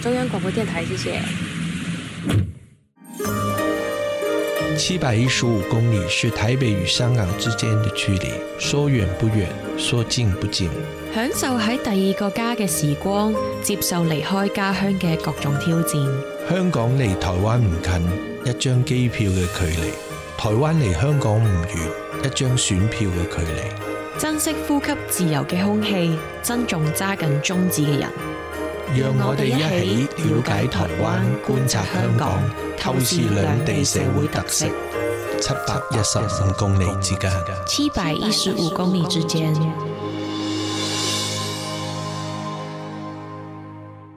中央廣播電台，謝謝。七百一十五公里是台北與香港之間的距離，說遠不遠，說近不近。享受喺第二個家嘅時光，接受離開家鄉嘅各種挑戰。香港離台灣唔近，一張機票嘅距離；台灣離香港唔遠，一張選票嘅距離。珍惜呼吸自由嘅空氣，珍重揸緊宗旨嘅人。讓我哋一起了解台灣，觀察香港，透視兩地社會特色。七百一十五公里之間。七百一十五公里之間。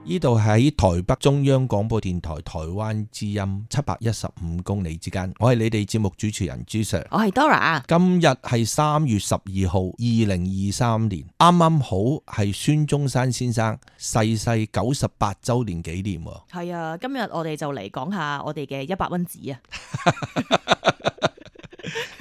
呢度喺台北中央廣播電台台灣之音七百一十五公里之間，我係你哋節目主持人朱 Sir，我係 Dora，今日係三月十二號，二零二三年，啱啱好係孫中山先生逝世九十八周年紀念喎。係啊，今日我哋就嚟講下我哋嘅一百蚊紙啊。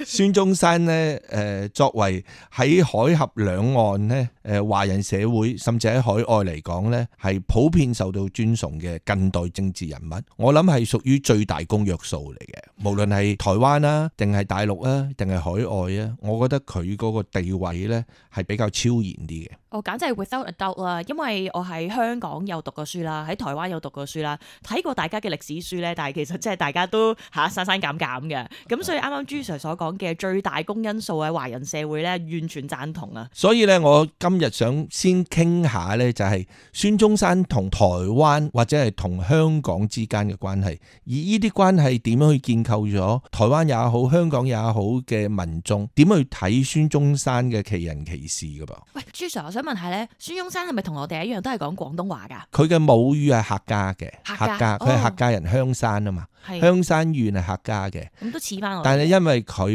孫中山咧，誒作為喺海峽兩岸咧，誒華人社會甚至喺海外嚟講咧，係普遍受到尊崇嘅近代政治人物。我諗係屬於最大公約數嚟嘅，無論係台灣啦，定係大陸啊，定係海外啊，我覺得佢嗰個地位咧係比較超然啲嘅。哦簡直係 without a doubt 啦，因為我喺香港有讀過書啦，喺台灣有讀過書啦，睇過大家嘅歷史書咧，但係其實即係大家都嚇刪刪減減嘅。咁所以啱啱朱 Sir 所講嘅最大公因數喺華人社會咧，完全贊同啊！所以咧，我今日想先傾下咧，就係孫中山同台灣或者係同香港之間嘅關係，而呢啲關係點樣去建構咗台灣也好、香港也好嘅民眾點去睇孫中山嘅其人其事噶噃？喂，朱 Sir，我想問下咧，孫中山係咪同我哋一樣都係講廣東話噶？佢嘅母語係客家嘅，客家佢係客，家、哦、客家人香山啊嘛，的香山縣係客家嘅，咁都似翻我。但係因為佢。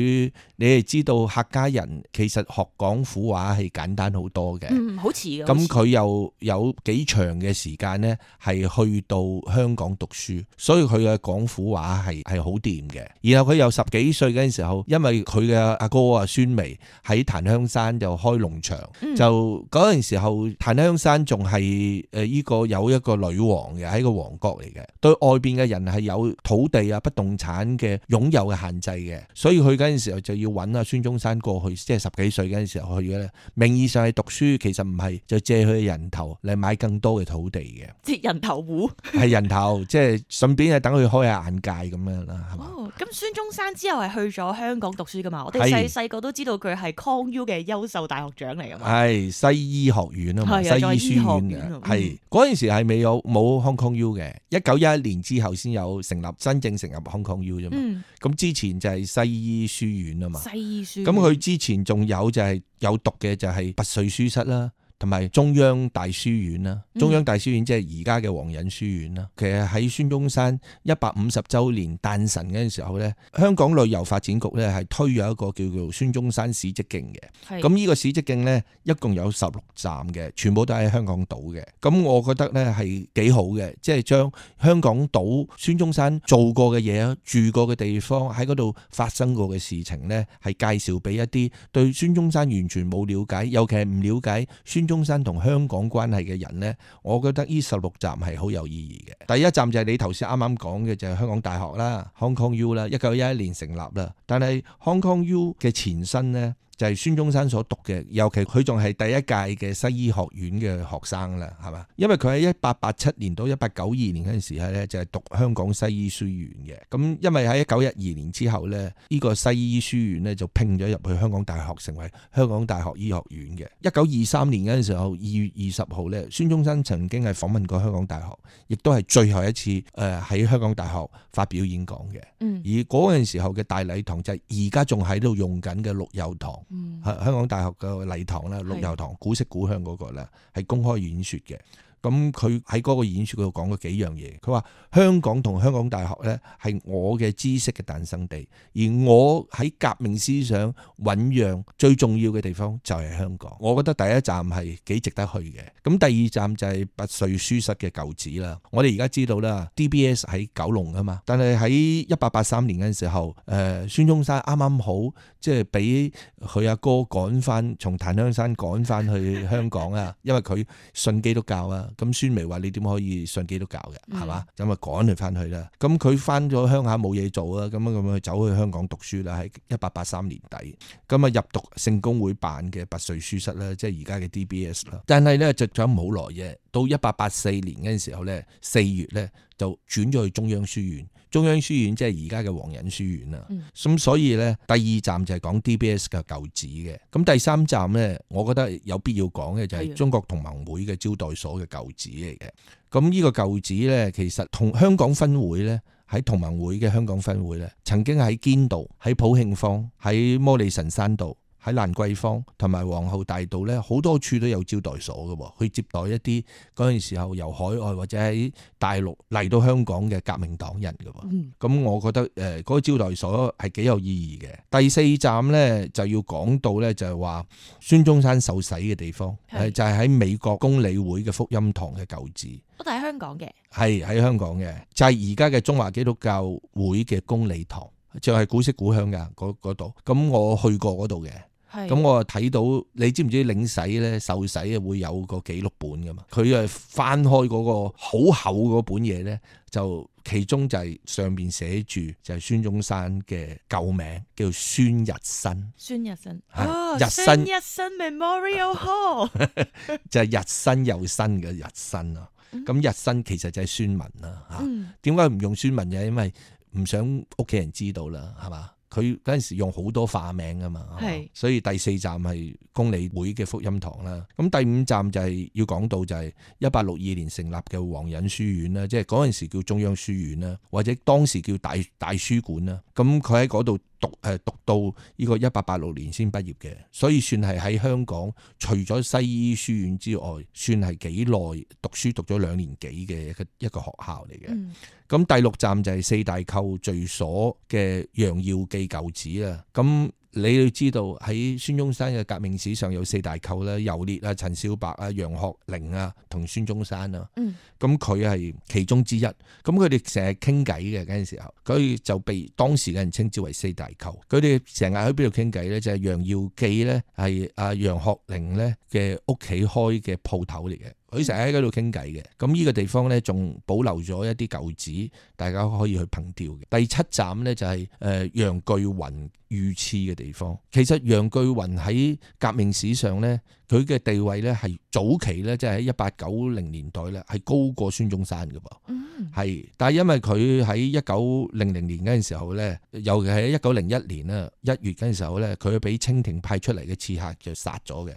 你哋知道客家人其實學廣府話係簡單好多嘅，好似咁佢又有幾長嘅時間呢，係去到香港讀書，所以佢嘅廣府話係係好掂嘅。然後佢又十幾歲嗰陣時候，因為佢嘅阿哥啊、孫眉喺檀香山就開農場，嗯、就嗰陣時候檀香山仲係誒、呢個有一個女王嘅，係一個王國嚟嘅，對外邊嘅人係有土地啊、不動產嘅擁有嘅限制嘅，所以佢緊。時候就要揾阿孫中山過去，即係十幾歲嗰陣時候去嘅，名義上係讀書，其實唔係，就借佢嘅人頭嚟買更多嘅土地嘅，借人頭戶係人頭， 即係順便係等佢開下眼界咁樣啦。哦，咁孫中山之後係去咗香港讀書噶嘛？我哋細細個都知道佢係 Kong U 嘅優秀大學長嚟噶嘛？係西醫學院啊嘛，西醫書院係嗰陣時係未有冇 Hong Kong U 嘅，一九一一年之後先有成立，真正成立 Hong Kong U 啫嘛。咁、嗯、之前就係西醫書。醫院啊嘛，咁佢之前仲有就係有讀嘅就係拔萃書室啦。同埋中央大書院啦，中央大書院即係而家嘅皇仁書院啦。嗯、其實喺孫中山一百五十周年誕辰嗰陣時候咧，香港旅遊發展局咧係推咗一個叫做《孫中山史蹟徑》嘅。咁呢係個史蹟徑咧一共有十六站嘅，全部都喺香港島嘅。咁我覺得咧係幾好嘅，即係將香港島孫中山做過嘅嘢，啊住過嘅地方、喺嗰度發生過嘅事情咧，係介紹俾一啲對孫中山完全冇了解，尤其係唔了解孫中山同香港關係嘅人呢，我覺得呢十六站係好有意義嘅。第一站就係你頭先啱啱講嘅，就係、是、香港大學啦，Hong Kong U 啦，一九一一年成立啦。但係 Hong Kong U 嘅前身呢。就係孫中山所讀嘅，尤其佢仲係第一屆嘅西醫學院嘅學生啦，係嘛？因為佢喺一八八七年到一八九二年嗰陣時候咧，就係讀香港西醫書院嘅。咁因為喺一九一二年之後咧，呢個西醫書院咧就併咗入去香港大學，成為香港大學醫學院嘅。一九二三年嗰陣時候，二月二十號咧，孫中山曾經係訪問過香港大學，亦都係最後一次誒喺香港大學發表演講嘅。嗯，而嗰陣時候嘅大禮堂就係而家仲喺度用緊嘅陸佑堂。香、嗯、香港大學嘅禮堂啦，陸佑堂古色古香嗰、那個啦，係公開演說嘅。咁佢喺嗰個演說嗰度講過幾樣嘢。佢話香港同香港大學咧，係我嘅知識嘅誕生地，而我喺革命思想醞釀最重要嘅地方就係香港。我覺得第一站係幾值得去嘅。咁第二站就係拔萃書室嘅舊址啦。我哋而家知道啦，DBS 喺九龍啊嘛。但係喺一八八三年嗰陣時候，誒、呃、孫中山啱啱好即係俾佢阿哥趕翻從檀香山趕翻去香港啊，因為佢信基督教啊。咁孫眉話你點可以信基督教嘅係嘛？咁啊、嗯、趕佢翻去啦。咁佢翻咗鄉下冇嘢做啊，咁啊咁啊去走去香港讀書啦。喺一八八三年底，咁啊入讀聖公會辦嘅拔萃書室啦，即係而家嘅 DBS 啦。但係咧就唔好耐啫。到一八八四年嗰陣時候咧，四月咧就轉咗去中央書院。中央書院即係而家嘅皇仁書院啊。咁、嗯、所以咧第二站就係講 DBS 嘅舊址嘅，咁第三站咧，我覺得有必要講嘅就係中國同盟會嘅招待所嘅舊址嚟嘅，咁呢、嗯、個舊址咧，其實同香港分會咧喺同盟會嘅香港分會咧，嗯、曾經喺堅道、喺普慶坊、喺摩利神山道。喺蘭桂坊同埋皇后大道咧，好多處都有招待所嘅，佢接待一啲嗰陣時候由海外或者喺大陸嚟到香港嘅革命黨人嘅。咁、嗯嗯、我覺得誒嗰個招待所係幾有意義嘅。第四站咧就要講到咧，就係話孫中山受洗嘅地方，係是就係喺美國公理會嘅福音堂嘅舊址。都喺是香港嘅，係喺香港嘅，就係而家嘅中華基督教會嘅公理堂，就係、是、古色古香㗎嗰度。咁我去過嗰度嘅。咁我睇到你知唔知領使咧，受洗會有個記錄本噶嘛？佢誒翻開嗰個好厚嗰本嘢咧，就其中就係上邊寫住就係孫中山嘅舊名叫孫日新。孫日新哦，啊、日新生。日新 Memorial Hall 就係日新又新嘅日新啊！咁、嗯、日新其實就係孫文啦吓。點解唔用孫文嘅？因為唔想屋企人知道啦，係嘛？佢嗰陣時用好多化名㗎嘛，是所以第四站係公理會嘅福音堂啦。咁第五站就係要講到就係一八六二年成立嘅皇仁書院啦，即係嗰陣時叫中央書院啦，或者當時叫大大書館啦。咁佢喺嗰度讀誒，讀到呢個一八八六年先畢業嘅，所以算係喺香港除咗西醫書院之外，算係幾耐讀書讀咗兩年幾嘅一個學校嚟嘅。咁、嗯、第六站就係四大寇聚所嘅楊耀記舊址啦。咁、嗯你要知道喺孫中山嘅革命史上有四大寇啦，尤列啊、陳少白啊、楊鶴齡啊同孫中山啊，嗯，咁佢係其中之一。咁佢哋成日傾偈嘅嗰陣時候，佢就被當時嘅人稱之為四大寇。佢哋成日喺邊度傾偈咧？就係、是、楊耀記咧，係阿楊鶴齡咧嘅屋企開嘅鋪頭嚟嘅。佢成日喺度傾偈嘅，咁呢個地方呢，仲保留咗一啲舊址，大家可以去憑吊嘅。第七站呢，就係誒楊衢雲遇刺嘅地方。其實楊衢雲喺革命史上呢，佢嘅地位呢，係早期呢，即係喺一八九零年代呢，係高過孫中山嘅噃。係、嗯，但係因為佢喺一九零零年嗰陣時候呢，尤其係一九零一年呢，一月嗰陣時候呢，佢被清廷派出嚟嘅刺客就殺咗嘅。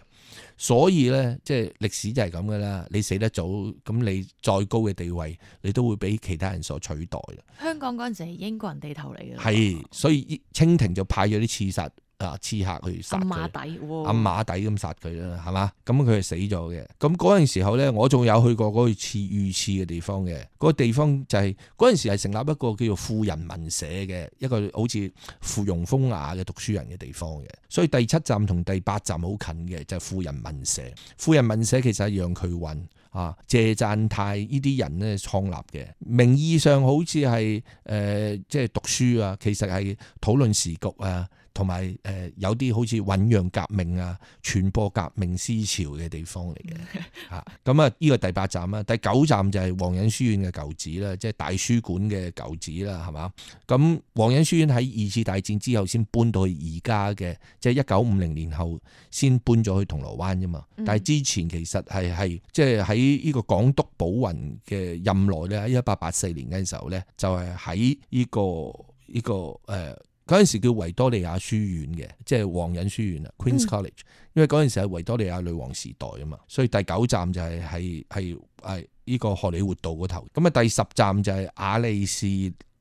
所以咧，即係歷史就係咁噶啦。你死得早，咁你再高嘅地位，你都會俾其他人所取代啦。香港嗰陣時係英國人地頭嚟嘅，係，所以清廷就派咗啲刺殺。啊！刺客去殺佢，啊，馬底喎，阿、哦啊、馬底咁殺佢啦，係嘛？咁佢係死咗嘅。咁嗰陣時候咧，我仲有去過嗰個刺遇刺嘅地方嘅。嗰、那個地方就係嗰陣時係成立一個叫做輔仁文社嘅一個好似附庸風雅嘅讀書人嘅地方嘅。所以第七站同第八站好近嘅，就係、是、輔仁文社。輔仁文社其實係楊衢雲啊、謝纘泰呢啲人咧創立嘅，名義上好似係誒即係讀書啊，其實係討論時局啊。同埋誒有啲好似醖釀革命啊、傳播革命思潮嘅地方嚟嘅嚇，咁啊呢個第八站啦，第九站就係皇仁書院嘅舊址啦，即係大書館嘅舊址啦，係嘛？咁皇仁書院喺二次大戰之後先搬到去而家嘅，即係一九五零年後先搬咗去銅鑼灣啫嘛。嗯、但係之前其實係係即係喺呢個港督寶雲嘅任內咧，喺一八八四年嘅時候咧，就係喺呢個呢個誒。呃嗰陣時叫維多利亞書院嘅，即係皇仁書院啦，Queen's College。嗯、因為嗰陣時係維多利亞女王時代啊嘛，所以第九站就係喺喺喺呢個荷里活道嗰頭。咁啊，第十站就係雅麗氏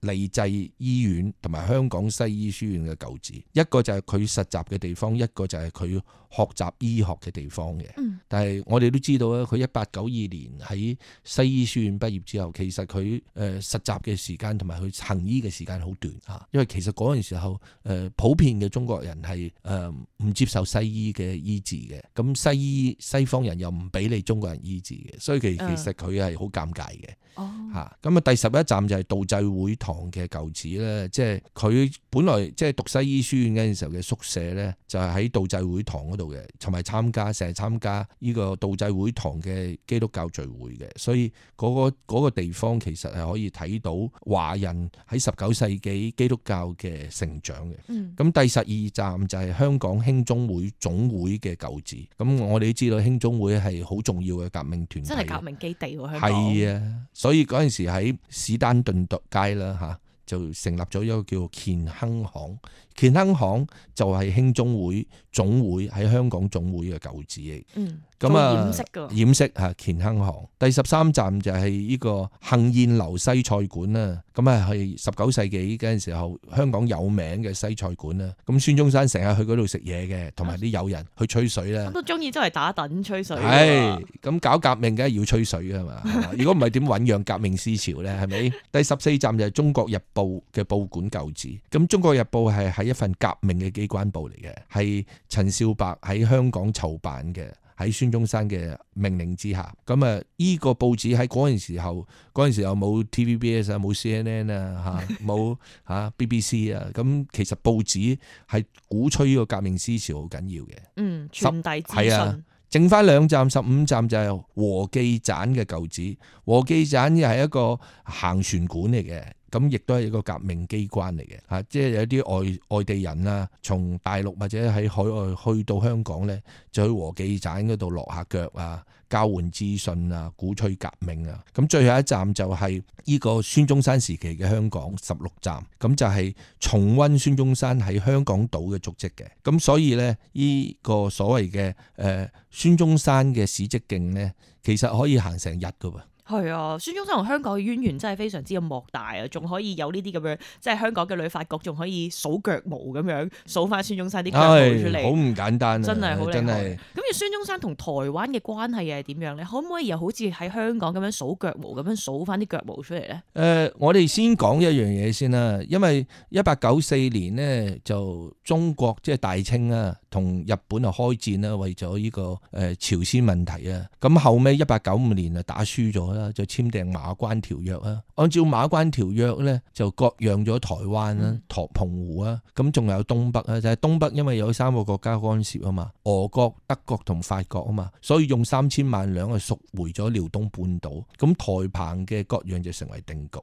利濟醫院同埋香港西醫書院嘅舊址，一個就係佢實習嘅地方，一個就係佢學習醫學嘅地方嘅。嗯但係我哋都知道咧，佢一八九二年喺西醫書院畢業之後，其實佢誒實習嘅時間同埋佢行醫嘅時間好短嚇，因為其實嗰陣時候誒、呃、普遍嘅中國人係誒唔接受西醫嘅醫治嘅，咁西醫西方人又唔俾你中國人醫治嘅，所以其其實佢係好尷尬嘅嚇。咁、uh, 啊，嗯、第十一站就係道濟會堂嘅舊址咧，即係佢本來即係讀西醫書院嗰陣時候嘅宿舍咧，就係、是、喺道濟會堂嗰度嘅，同埋參加成日參加。呢個道濟會堂嘅基督教聚會嘅，所以嗰、嗰個嗰個地方其實係可以睇到華人喺十九世紀基督教嘅成長嘅。咁、嗯、第十二站就係香港興中會總會嘅舊址。咁我哋都知道興中會係好重要嘅革命團體，真係革命基地喎，啊。係啊，所以嗰陣時喺史丹頓街啦嚇。就成立咗一個叫做乾亨行，乾亨行就係興中會總會喺香港總會嘅舊址嚟。嗯咁啊，掩飾啊，乾亨行。第十三站就係呢個杏宴樓西菜館啦。咁啊，係十九世紀嗰陣時候，香港有名嘅西菜館啦。咁孫中山成日去嗰度食嘢嘅，同埋啲友人去吹水啦。都中意周圍打等吹水。係咁搞革命梗係要吹水噶嘛？如果唔係點醖釀革命思潮咧？係咪？ 第十四站就係《中國日報》嘅報館舊址。咁《中國日報》係喺一份革命嘅機關報嚟嘅，係陳少白喺香港籌辦嘅。喺孫中山嘅命令之下，咁啊，呢個報紙喺嗰陣時候，嗰陣時候冇 TVBS 啊，冇 CNN 啊，嚇冇嚇 BBC 啊，咁 其實報紙係鼓吹呢個革命思潮好緊要嘅。嗯，傳遞資訊。係啊，剩翻兩站，十五站就係和記棧嘅舊址。和記棧又係一個行船館嚟嘅。咁亦都係一個革命機關嚟嘅，嚇！即係有啲外外地人啦，從大陸或者喺海外去到香港咧，就去和記棧嗰度落下腳啊，交換資訊啊，鼓吹革命啊。咁最後一站就係呢個孫中山時期嘅香港十六站，咁就係、是、重溫孫中山喺香港島嘅足跡嘅。咁所以咧，呢個所謂嘅誒、呃、孫中山嘅史跡徑咧，其實可以行成日噶喎。係啊，孫中山同香港嘅淵源真係非常之咁莫大啊！仲可以有呢啲咁樣，即係香港嘅女法局仲可以數腳毛咁樣數翻孫中山啲腳毛出嚟，好唔、哎、簡單啊！真係好、哎，真係咁。而孫中山同台灣嘅關係又係點樣咧？可唔可以又好似喺香港咁樣數腳毛咁樣數翻啲腳毛出嚟咧？誒、呃，我哋先講一樣嘢先啦，因為一八九四年咧就中國即係、就是、大清啊。同日本啊開戰啦，為咗呢個誒朝鮮問題啊。咁後尾一八九五年啊打輸咗啦，就簽訂馬關條約啊。按照馬關條約咧，就割讓咗台灣啦、台澎湖啊，咁仲有東北啊。就係東北因為有三個國家干涉啊嘛，俄國、德國同法國啊嘛，所以用三千萬兩去贖回咗遼東半島，咁台澎嘅割讓就成為定局。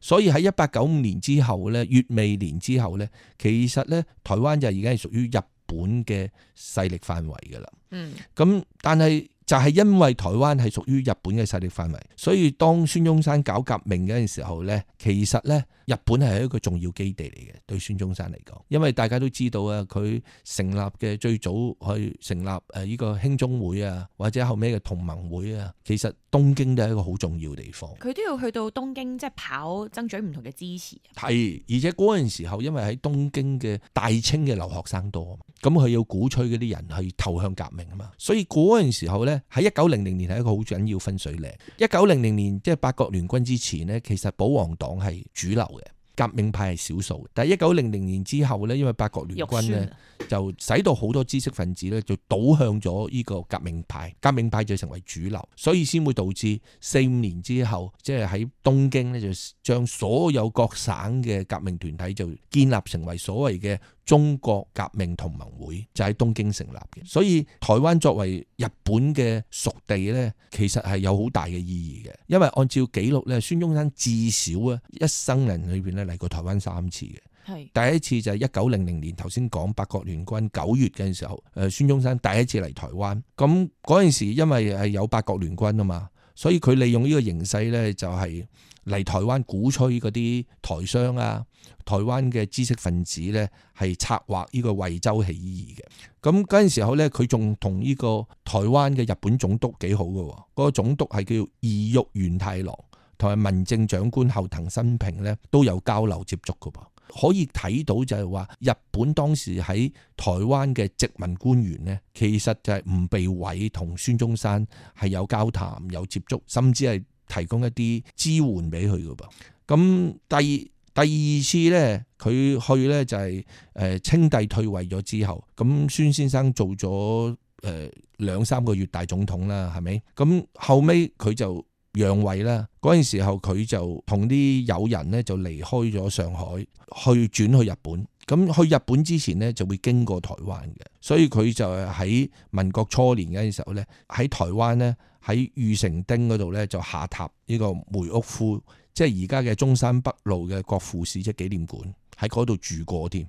所以喺一八九五年之後咧，越未年之後咧，其實咧台灣就而家係屬於日。本嘅勢力範圍噶啦，嗯，咁但係就係因為台灣係屬於日本嘅勢力範圍，所以當孫中山搞革命嗰陣時候呢，其實呢，日本係一個重要基地嚟嘅，對孫中山嚟講，因為大家都知道啊，佢成立嘅最早去成立誒呢個興中會啊，或者後尾嘅同盟會啊，其實東京都係一個好重要嘅地方，佢都要去到東京即係、就是、跑爭取唔同嘅支持，係而且嗰陣時候因為喺東京嘅大清嘅留學生多。咁佢要鼓吹嗰啲人去投向革命啊嘛，所以嗰陣時候咧，喺一九零零年係一個好緊要分水嶺，一九零零年即係、就是、八國聯軍之前咧，其實保皇黨係主流嘅。革命派係少數，但係一九零零年之後呢，因為八國聯軍呢，就使到好多知識分子呢，就倒向咗呢個革命派，革命派就成為主流，所以先會導致四五年之後，即係喺東京呢，就將所有各省嘅革命團體就建立成為所謂嘅中國革命同盟會，就喺東京成立嘅。所以台灣作為日本嘅屬地呢，其實係有好大嘅意義嘅，因為按照記錄呢，孫中山至少啊一生人裏邊呢。嚟過台灣三次嘅，係是第一次就係一九零零年，頭先講八國聯軍九月嘅時候，誒，孫中山第一次嚟台灣，咁嗰陣時因為係有八國聯軍啊嘛，所以佢利用呢個形勢咧，就係嚟台灣鼓吹嗰啲台商啊、台灣嘅知識分子咧，係策劃呢個惠州起義嘅。咁嗰陣時候咧，佢仲同呢個台灣嘅日本總督幾好噶，嗰、嗰個總督係叫兒玉源太郎。同埋民政長官後藤新平咧都有交流接觸噶噃，可以睇到就係話日本當時喺台灣嘅殖民官員咧，其實就係唔被委同孫中山係有交談有接觸，甚至係提供一啲支援俾佢噶噃。咁第二第二次咧，佢去咧就係、是、誒、呃、清帝退位咗之後，咁孫先生做咗誒、呃、兩三個月大總統啦，係咪？咁後尾，佢就。讓位啦！嗰陣時候，佢就同啲友人咧就離開咗上海，去轉去日本。咁去日本之前咧，就會經過台灣嘅，所以佢就喺民國初年嗰陣時候咧，喺台灣咧，喺御成町嗰度咧就下榻呢個梅屋敷，即係而家嘅中山北路嘅國父史蹟紀念館喺嗰度住過添。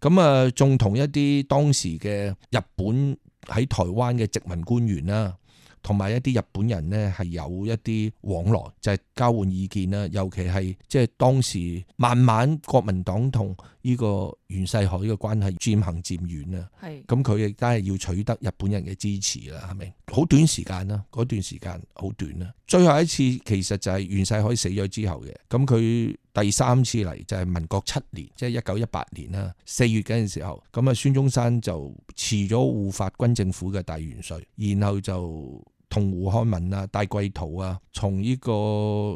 咁啊，仲同一啲當時嘅日本喺台灣嘅殖民官員啦。同埋一啲日本人呢，係有一啲往來，就係、是、交換意見啦。尤其係即係當時慢慢國民黨同呢個袁世凱嘅個關係漸行漸遠啦。係咁佢亦都係要取得日本人嘅支持啦，係咪？好短時間啦，嗰段時間好短啦。最後一次其實就係袁世凱死咗之後嘅，咁佢第三次嚟就係民國七年，即係一九一八年啦。四月嗰陣時候，咁啊孫中山就辭咗護法軍政府嘅大元帥，然後就，同胡漢民啊、戴季陶啊，從呢個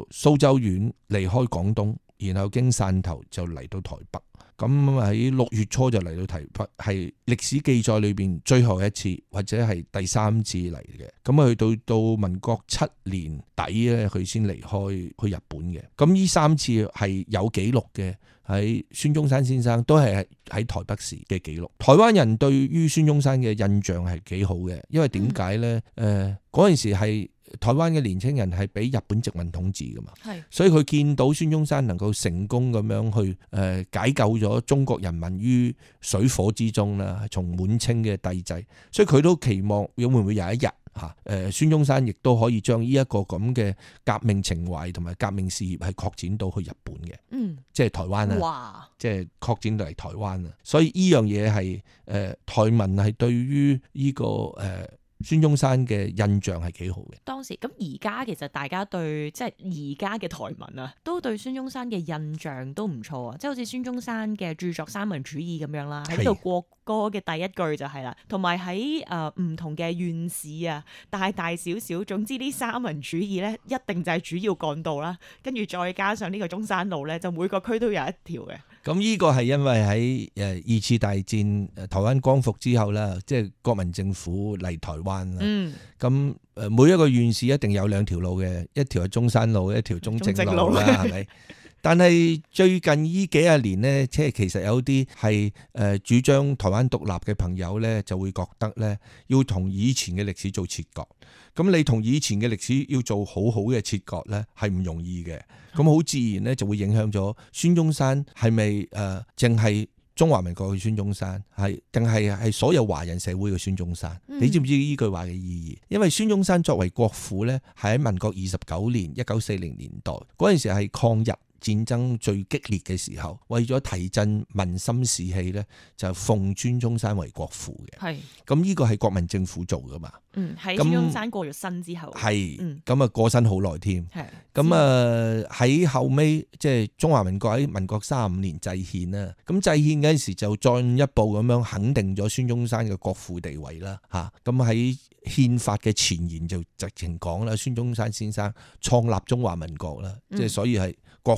蘇州縣離開廣東，然後經汕頭就嚟到台北。咁喺六月初就嚟到台北，係歷史記載裏邊最後一次，或者係第三次嚟嘅。咁去到到民國七年底咧，佢先離開去日本嘅。咁呢三次係有記錄嘅，喺孫中山先生都係喺台北市嘅記錄。台灣人對於孫中山嘅印象係幾好嘅，因為點解咧？誒嗰陣時係。台灣嘅年青人係俾日本殖民統治噶嘛，是所以佢見到孫中山能夠成功咁樣去誒解救咗中國人民於水火之中啦，從滿清嘅帝制，所以佢都期望會唔會有一日吓誒，啊、呃、孫中山亦都可以將呢一個咁嘅革命情懷同埋革命事業係擴展到去日本嘅，嗯，即係台灣啊，哇即係擴展到嚟台灣啊，所以呢樣嘢係誒台民係對於呢、呢個誒。呃孫中山嘅印象係幾好嘅。當時咁而家其實大家對即係而家嘅台文啊，都對孫中山嘅印象都唔錯啊！即係好似孫中山嘅著作《三民主義》咁樣啦，喺度國歌嘅第一句就係、是、啦，是同埋喺誒唔同嘅縣市啊，大大小小，總之呢三民主義咧一定就係主要幹道啦。跟住再加上呢個中山路咧，就每個區都有一條嘅。咁呢個係因為喺誒二次大戰，台灣光復之後啦，即係國民政府嚟台灣啦。咁誒、嗯、每一個縣市一定有兩條路嘅，一條係中山路，一條中正路啦，係咪？吧 但係最近呢幾廿年呢，即係其實有啲係誒主張台灣獨立嘅朋友呢，就會覺得呢要同以前嘅歷史做切割。咁你同以前嘅歷史要做好好嘅切割呢，係唔容易嘅。咁好自然呢，就會影響咗孫中山係咪誒，淨係中華民國嘅孫中山，係定係係所有華人社會嘅孫中山？你知唔知呢句話嘅意義？因為孫中山作為國父呢，係喺民國二十九年一九四零年代嗰陣時係抗日。戰爭最激烈嘅時候，為咗提振民心士氣咧，就奉孫中山為國父嘅。係是，咁呢個係國民政府做噶嘛嗯那？嗯，喺孫中山過咗身之後，係，咁啊過身好耐添。係，咁啊喺後尾即係中華民國喺民國三十五年制憲啦，咁制憲嗰陣時就進一步咁樣肯定咗孫中山嘅國父地位啦。嚇、啊，咁喺憲法嘅前言就直情講啦，孫中山先生創立中華民國啦，即係、嗯、所以係國。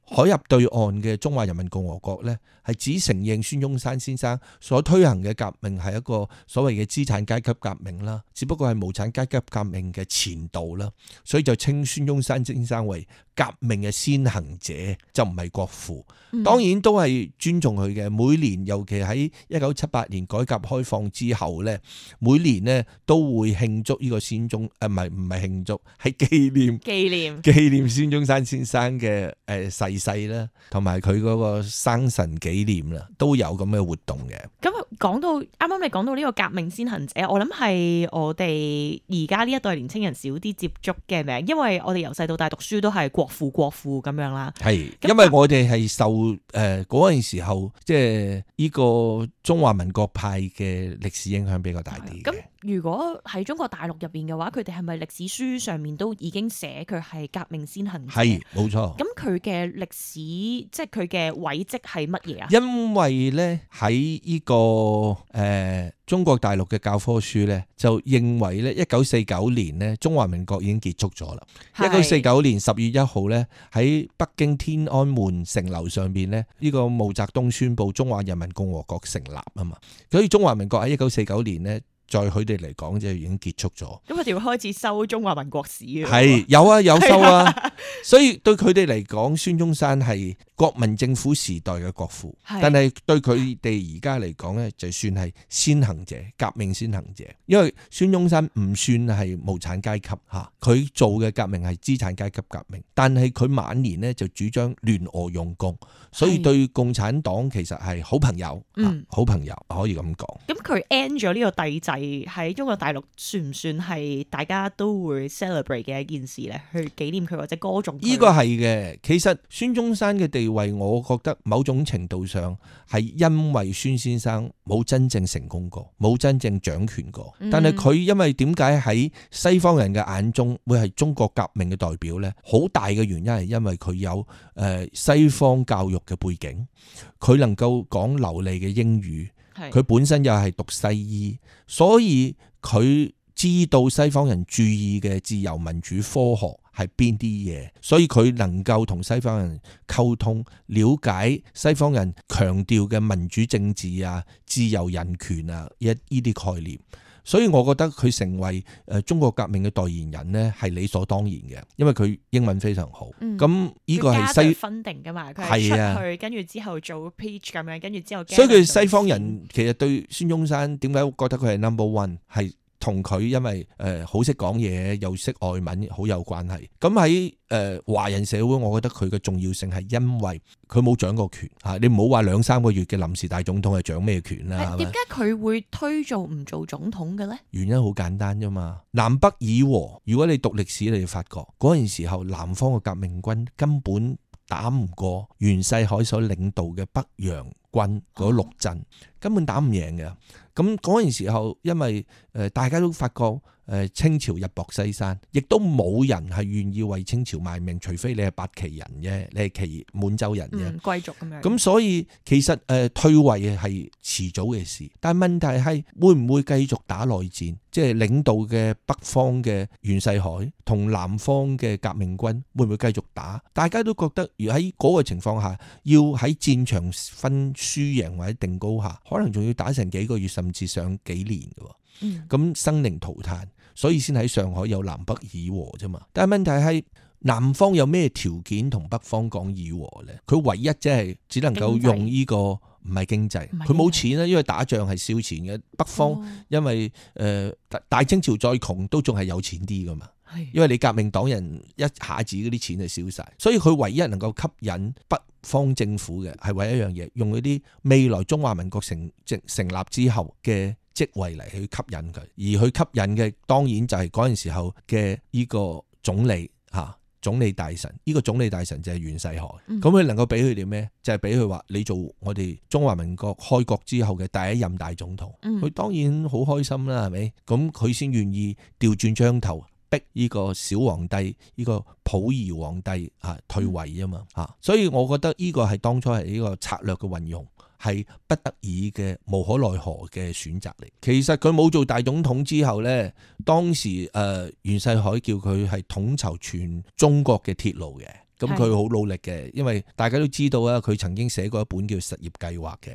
海峽對岸嘅中華人民共和國咧，係只承認孫中山先生所推行嘅革命係一個所謂嘅資產階級革命啦，只不過係無產階級革命嘅前導啦，所以就稱孫中山先生為革命嘅先行者，就唔係國父。當然都係尊重佢嘅。每年尤其喺一九七八年改革開放之後咧，每年呢都會慶祝呢個孫中，誒唔係唔係慶祝，係紀念紀念紀念孫中山先生嘅誒逝細啦，同埋佢嗰個生辰紀念啦，都有咁嘅活動嘅。咁講到啱啱咪講到呢個革命先行者，我諗係我哋而家呢一代年青人少啲接觸嘅名，因為我哋由細到大讀書都係國父國父咁樣啦。係是，那因為我哋係受誒嗰陣時候，即係呢個中華民國派嘅歷史影響比較大啲嘅。如果喺中國大陸入邊嘅話，佢哋係咪歷史書上面都已經寫佢係革命先行者？係，冇錯。咁佢嘅歷史即係佢嘅偉績係乜嘢啊？因為咧喺依個誒中國大陸嘅教科書咧，就認為咧一九四九年咧中華民國已經結束咗啦。一九四九年十月一號咧喺北京天安門城樓上邊咧，依個毛澤東宣布中華人民共和國成立啊嘛。所以中華民國喺一九四九年咧。在佢哋嚟講，就已經結束咗。咁佢哋會開始收《中華民國史》啊是。係嗎有啊，有收啊。 所以對佢哋嚟講，孫中山係。國民政府時代嘅國父，的但係對佢哋而家嚟講咧，就算係先行者、革命先行者，因為孫中山唔算係無產階級吓，佢做嘅革命係資產階級革命，但係佢晚年咧就主張聯俄容共，所以對共產黨其實係好朋友，的好朋友可以咁講。咁佢 end 咗呢個帝制喺中國大陸算唔算係大家都會 celebrate 嘅一件事呢？去紀念佢或者歌頌？呢個係嘅，其實孫中山嘅地。為我覺得某種程度上係因為孫先生冇真正成功，過冇真正掌權過。但係佢因為點解喺西方人嘅眼中會係中國革命嘅代表呢？好大嘅原因係因為佢有誒，西方教育嘅背景，佢能夠講流利嘅英語，佢本身又係讀西醫，所以佢知道西方人注意嘅自由、民主、科學，係邊啲嘢，所以佢能夠同西方人溝通，了解西方人強調嘅民主政治啊、自由人權啊呢啲概念，所以我覺得佢成為誒中國革命嘅代言人呢係理所當然嘅，因為佢英文非常好。咁呢、嗯、個係西分定㗎嘛？係啊，去跟住之後做 page 咁樣，跟住之後。所以佢西方人其實對孫中山點解覺得佢係 number one 係？同佢因為誒好識講嘢，又識外文，好有關係。咁喺誒華人社會，我覺得佢嘅重要性係因為佢冇掌過權吓，你唔好話兩三個月嘅臨時大總統係掌咩權啦。點解佢會推做唔做總統嘅呢？原因好簡單啫嘛。南北以和，如果你讀歷史，你會發覺嗰陣時候南方嘅革命軍根本。打唔過袁世凱所領導嘅北洋軍嗰六鎮，根本打唔贏嘅。咁嗰陣時候，因為誒大家都發覺。誒清朝日薄西山，亦都冇人係願意為清朝賣命，除非你係八旗人啫，你係旗滿洲人嘅、嗯、貴族咁樣。咁所以其實誒、呃、退位係遲早嘅事，但係問題係會唔會繼續打內戰？即係領導嘅北方嘅袁世凱同南方嘅革命軍會唔會繼續打？大家都覺得如喺嗰個情況下，要喺戰場分輸贏或者定高下，可能仲要打成幾個月，甚至上幾年㗎喎。嗯，咁生靈塗炭，炭。所以先喺上海有南北議和啫嘛，但係問題係南方有咩條件同北方講議和咧？佢唯一即係只能夠用呢、這個唔係經濟濟，佢冇錢啦，因為打仗係燒錢嘅。北方因為誒、哦呃、大清朝再窮都仲係有錢啲噶嘛，係因為你革命黨人一下子嗰啲錢就燒曬，所以佢唯一能夠吸引北方政府嘅係為一樣嘢，用嗰啲未來中華民國成成立之後嘅。職位嚟去吸引佢，而佢吸引嘅當然就係嗰陣時候嘅呢個總理吓、啊，總理大臣呢、呢個總理大臣就係袁世凱，咁佢、嗯、能夠俾佢哋咩？就係俾佢話你做我哋中華民國開國之後嘅第一任大總統，佢、嗯、當然好開心啦，係咪？咁佢先願意調轉槍頭逼呢個小皇帝呢、呢個溥儀皇帝吓、啊、退位、嗯、啊嘛吓，所以我覺得呢個係當初係呢個策略嘅運用。係不得已嘅、無可奈何嘅選擇嚟。其實佢冇做大總統之後呢，當時誒袁世凱叫佢係統籌全中國嘅鐵路嘅，咁佢好努力嘅，因為大家都知道啊，佢曾經寫過一本叫《實業計劃》嘅，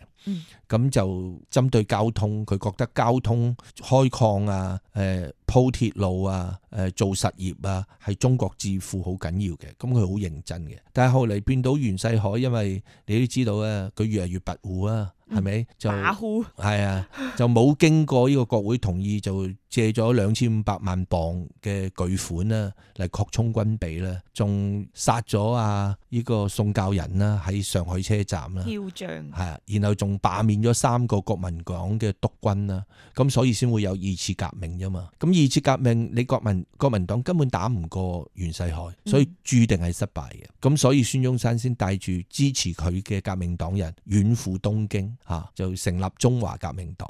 咁、嗯、就針對交通，佢覺得交通開礦啊，誒、呃。鋪鐵路啊，誒做實業啊，係中國致富好緊要嘅，咁佢好認真嘅。但係後嚟變到袁世凱，因為你都知道啊，佢越嚟越跋扈啊，係咪、嗯？就跋扈係啊，就冇經過呢個國會同意就借咗兩千五百萬鎊嘅巨款啦、啊，嚟擴充軍備啦、啊，仲殺咗啊呢、這個宋教仁啦喺上海車站啦、啊，誇張像啊，然後仲罷免咗三個國民黨嘅督軍啦、啊，咁所以先會有二次革命啫、啊、嘛，咁次革命，你國民國民黨根本打唔過袁世凱，所以注定係失敗嘅。咁、嗯、所以孫中山先帶住支持佢嘅革命黨人遠赴東京，吓、啊、就成立中華革命黨。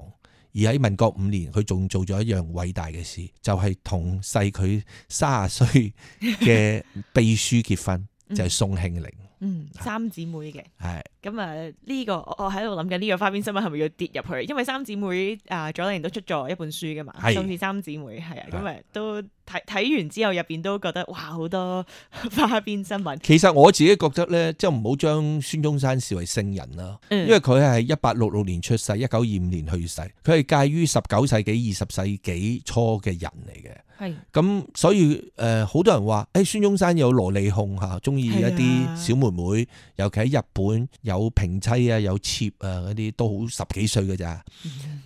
而喺民國五年，佢仲做咗一樣偉大嘅事，就係同細佢卅歲嘅秘書結婚，就係、是、宋慶齡。嗯嗯嗯，三姊妹嘅，係咁啊，呢個我我喺度諗緊呢個花邊新聞係咪要跌入去？因為三姊妹啊，早兩年都出咗一本書㗎嘛，甚至的、嗯、三姊妹係啊，咁啊的、嗯嗯、都。睇睇完之後，入邊都覺得哇，好多花邊新聞。其實我自己覺得呢，即係唔好將孫中山視為聖人啦，嗯、因為佢係一八六六年出世，一九二五年去世，佢係介於十九世紀、二十世紀初嘅人嚟嘅。係咁是、嗯，所以誒，好、呃、多人話誒，孫、哎、中山有蘿莉控吓，中意一啲小妹妹，啊、尤其喺日本有平妻啊，有妾啊嗰啲，都好十幾歲嘅咋，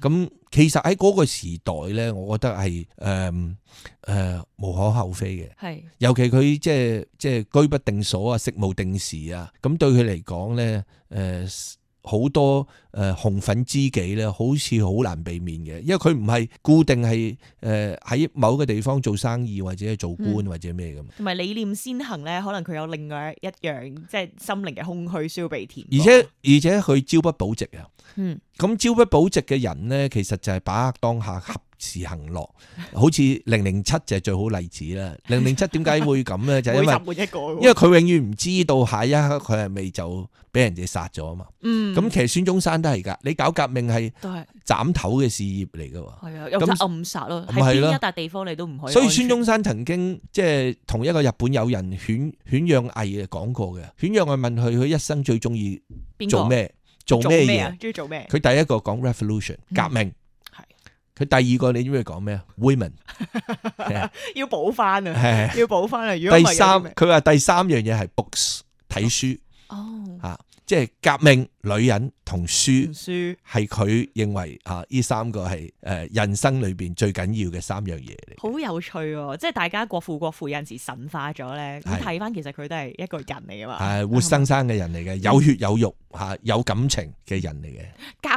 咁、嗯。嗯其實喺嗰個時代咧，我覺得係誒誒無可厚非嘅。係，尤其佢即係即係居不定所啊，食無定時啊，咁對佢嚟講咧，誒好多誒紅粉知己咧，好似好難避免嘅，因為佢唔係固定係誒喺某一個地方做生意，或者係做官，或者咩咁。同埋理念先行咧，可能佢有另外一樣，即係心靈嘅空虛需要被填滿。而且而且佢朝不保夕啊。嗯。咁朝不保夕嘅人咧，其實就係把握當下，合時行樂。好似零零七就係最好例子啦。零零七點解會咁咧？就係、因為每每一個因為佢永遠唔知道下一刻佢係咪就俾人哋殺咗啊嘛。嗯。咁其實孫中山都係㗎，你搞革命係斬頭嘅事業嚟嘅喎。係啊、嗯，有、嗯、暗殺咯，喺邊、嗯、一笪地方你都唔可以。所以孫中山曾經即係同一個日本友人犬犬養毅啊講過嘅，犬養毅問佢佢一生最中意做咩？做咩嘢？中意做咩？佢第一個講 revolution 革命，佢第二個你知唔知佢講咩？women 要補翻啊，要補翻啊！如果第三佢話第三樣嘢係 books 睇書哦，啊，即係革命。女人同書書係佢認為啊，呢三個係誒，人生裏邊最緊要嘅三樣嘢嚟。好有趣，即係大家國父國父有陣時神化咗咧，咁睇翻其實佢都係一個人嚟啊嘛，係活生生嘅人嚟嘅，有血有肉吓，有感情嘅人嚟嘅。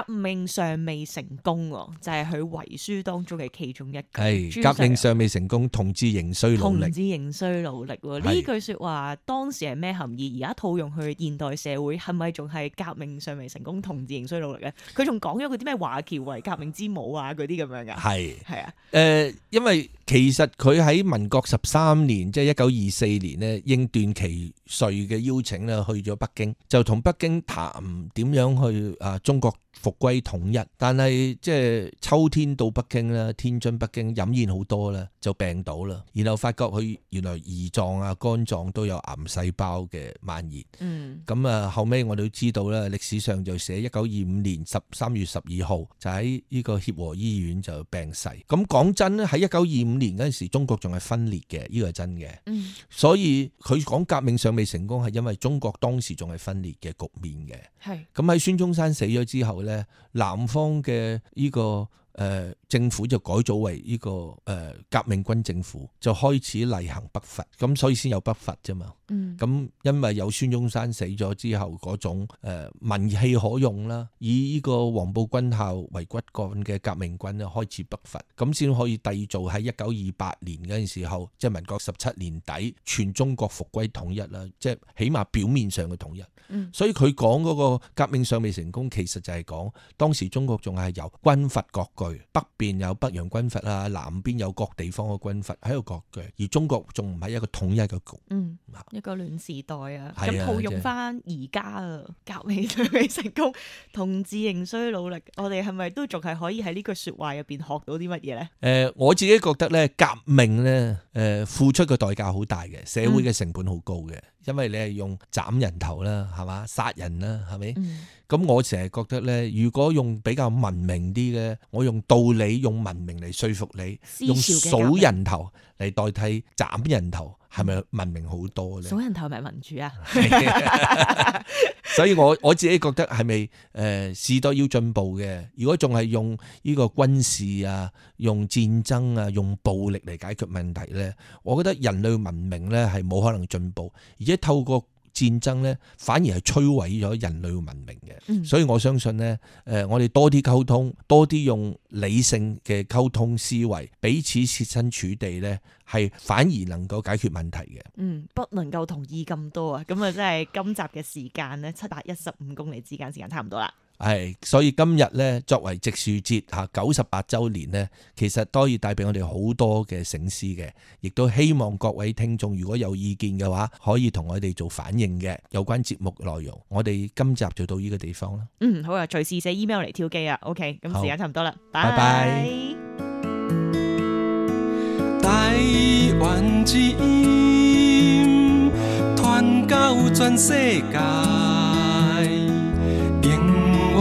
革命尚未成功，就係佢遺書當中嘅其中一句。係革命尚未成功，同志仍需努力。同志仍需努力。呢句說話當時係咩含義？而家套用去現代社會，係咪仲係革命？尚未成功，同志仍需努力嘅。佢仲講咗嗰啲咩華僑為革命之母啊，嗰啲咁樣嘅。係係是啊，誒、呃，因為其實佢喺民國十三年，即係一九二四年咧，應段祺瑞嘅邀請咧，去咗北京，就同北京談點樣去啊中國。復歸統一，但係即係秋天到北京啦，天津、北京飲宴好多啦，就病倒啦。然後發覺佢原來胰臟啊、肝臟都有癌細胞嘅蔓延。嗯、mm.，咁啊後尾我哋都知道啦，歷史上就寫一九二五年三月十二號就喺呢個協和醫院就病逝。咁講真咧，喺一九二五年嗰陣時，中國仲係分裂嘅，呢、這個係真嘅。嗯，mm. 所以佢講革命尚未成功係因為中國當時仲係分裂嘅局面嘅。係，咁喺孫中山死咗之後。咧南方嘅呢、這個誒、呃、政府就改組為呢、這個誒、呃、革命軍政府，就開始厲行北伐，咁所以先有北伐啫嘛。咁、嗯、因為有孫中山死咗之後嗰種誒、呃、民氣可用啦，以呢個黃埔軍校為骨幹嘅革命軍開始北伐，咁先可以締造喺一九二八年嗰陣時候，即係民國十七年底，全中國復歸統一啦，即係起碼表面上嘅統一。嗯、所以佢講嗰個革命尚未成功，其實就係講當時中國仲係由軍閥割據，北邊有北洋軍閥啦，南邊有各地方嘅軍閥喺度割據，而中國仲唔係一個統一嘅局。嗯。啊個亂時代啊，咁套用返而家啊，就是，革命最未成功，同志仍需努力。我哋係咪都仲係可以喺呢句說話入邊學到啲乜嘢咧？誒、呃，我自己覺得咧，革命咧，誒、呃，付出嘅代價好大嘅，社會嘅成本好高嘅。嗯。因為你係用斬人頭啦，係嘛？殺人啦，係咪？咁、嗯、我成日覺得咧，如果用比較文明啲嘅，我用道理、用文明嚟説服你，用數人頭嚟代替斬人頭，係咪文明好多咧？數人頭係咪民主啊？ 所以我我自己覺得係咪誒，時、呃、代要進步嘅。如果仲係用呢個軍事啊、用戰爭啊、用暴力嚟解決問題咧，我覺得人類文明咧係冇可能進步，透過戰爭咧，反而係摧毀咗人類文明嘅，嗯、所以我相信咧，誒，我哋多啲溝通，多啲用理性嘅溝通思維，彼此設身處地咧，係反而能夠解決問題嘅。嗯，不能夠同意咁多啊，咁啊，真係今集嘅時間咧，七百一十五公里之間時間差唔多啦。係，所以今日呢，作為植樹節嚇九十八週年呢，其實都可以帶俾我哋好多嘅省思嘅，亦都希望各位聽眾如果有意見嘅話，可以同我哋做反應嘅有關節目內容。我哋今集就到呢個地方啦。嗯，好啊，隨時寫 email 嚟跳機啊。OK，咁時間差唔多啦，好 bye bye 拜拜。